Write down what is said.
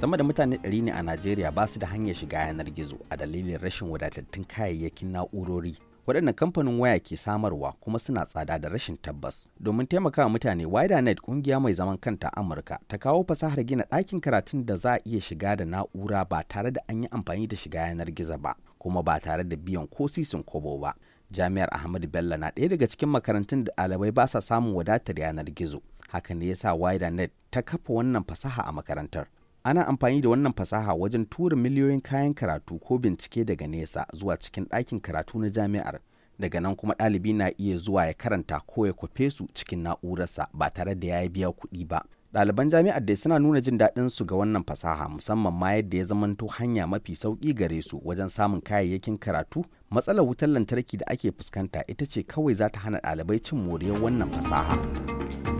sama da mutane 100 ne a najeriya ba su da hanyar shiga yanar gizo a dalilin rashin wadatattun kayayyakin na'urori waɗannan kamfanin waya ke samarwa kuma suna tsada da rashin tabbas domin taimakawa mutane widernet ƙungiya mai zaman kanta amurka ta kawo fasahar gina ɗakin karatun da za a iya shiga da na'ura ba tare da an yi amfani da shiga yanar gizo ba kuma ba tare da biyan ko sisin kobo ba jami'ar ahmadu bello na ɗaya daga cikin makarantun da ɗalibai ba sa samun wadatar yanar gizo hakan ne ya yasa widernet ta kafa wannan fasaha a makarantar ana amfani da wannan fasaha wajen tura miliyoyin kayan karatu ko bincike daga nesa zuwa cikin ɗakin karatu na jami'ar daga nan kuma ɗalibi na iya zuwa ya karanta ko ya kwafe su cikin na'urarsa ba tare da ya yi biya kuɗi ba ɗaliban jami'ar dai suna nuna jin daɗin su ga wannan fasaha musamman ma yadda ya zamanto hanya mafi sauki gare su wajen samun kayayyakin karatu matsalar wutar lantarki da ake fuskanta ita ce kawai za ta hana ɗalibai cin moriyar wannan fasaha.